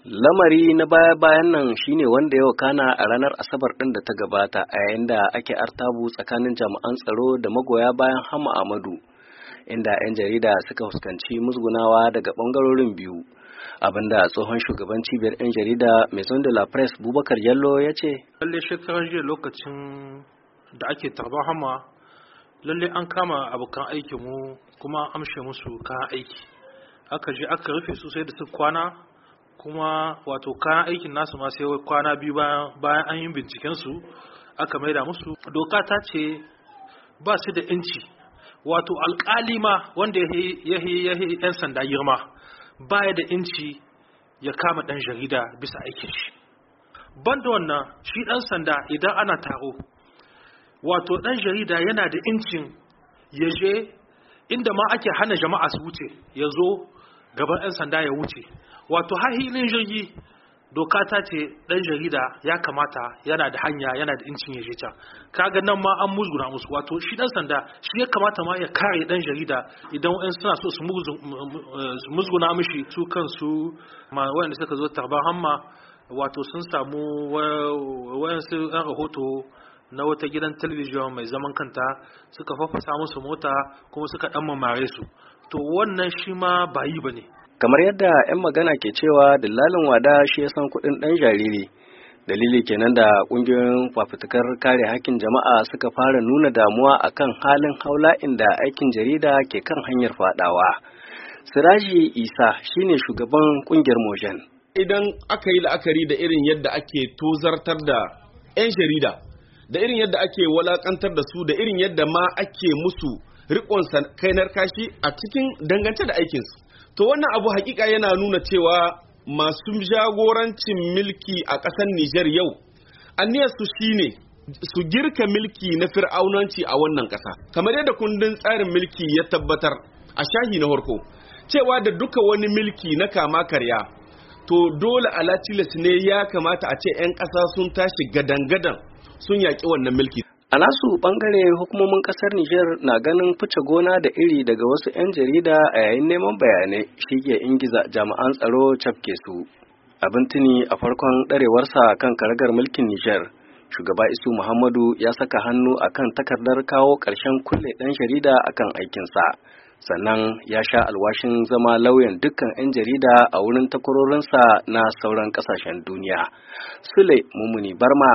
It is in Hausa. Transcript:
Lamari na baya-bayan nan shine wanda ya wakana a ranar Asabar ɗin da ta gabata a yayin da ake artabu tsakanin jami'an tsaro da magoya bayan Hama Amadu, inda 'yan jarida suka fuskanci musgunawa daga bangarorin biyu. abinda tsohon shugaban cibiyar 'yan jarida maison de la presse bubakar yallo ya ce lalle shekarar jiya lokacin da ake tarba hama lalle an kama abokan aikinmu kuma amshe musu kayan aiki aka je aka rufe sosai da su kwana kuma wato kayan aikin nasu ma sai kwana biyu bayan an yi su aka maida musu doka ta ce ba su da inci wato alkali ma wanda ya yi yan sanda girma baya da inci ya kama dan jarida bisa aikin shi banda wannan shi dan sanda idan ana taro wato dan jarida yana da incin ya je inda ma ake hana jama'a su wuce ya zo gaban 'yan sanda ya wuce wato hahilin jirgi doka ta ce dan jarida ya kamata yana da hanya yana da incin ya can kaga nan ma an musguna musu wato shi dan sanda shi ya kamata ma ya kare ɗan jarida idan yan suna so eh, su musguna mishi su kansu ma wanda suka zo tarban hamma wato sun samu wayansu yan rahoto na wata gidan talabijin mai zaman kanta suka fafasa musu mota kuma suka dan mamare su to wannan shi ma bayi yi ba ne kamar yadda 'yan magana ke cewa dillalin wada shi ya san kuɗin ɗan jariri dalili kenan da ƙungiyoyin fafutukar kare hakkin jama'a suka fara nuna damuwa a kan halin haula inda aikin jarida ke kan hanyar fadawa siraji isa shine shugaban ƙungiyar mojen idan aka yi la'akari da irin yadda ake tozartar da 'yan jarida da irin yadda ake walakantar da su da irin yadda ma ake musu rikon kai kashi a cikin dangance da aikinsu to wannan abu hakika yana nuna cewa masu jagorancin milki a ƙasar Nijar yau su shine su girka milki na fir'aunanci a wannan ƙasa kamar yadda kundin tsarin milki ya tabbatar a shahi na harko cewa da duka wani milki na kama karya to dole alatilas ne ya kamata a ce 'yan ƙasa sun tashi gadan-gadan sun yaƙi wannan milki A nasu bangare hukumomin kasar Nijar na ganin fice gona da iri daga wasu 'yan jarida a yayin neman bayanai shi ke ingiza jami'an tsaro cafke su. Abin tuni a farkon ɗarewarsa kan karagar mulkin Nijar, shugaba Isu Muhammadu ya saka hannu akan takardar kawo ƙarshen kulle ɗan jarida akan aikinsa. Sannan ya sha alwashin zama lauyan dukkan 'yan jarida a wurin takwarorinsa na sauran ƙasashen duniya. Sule Mumuni Barma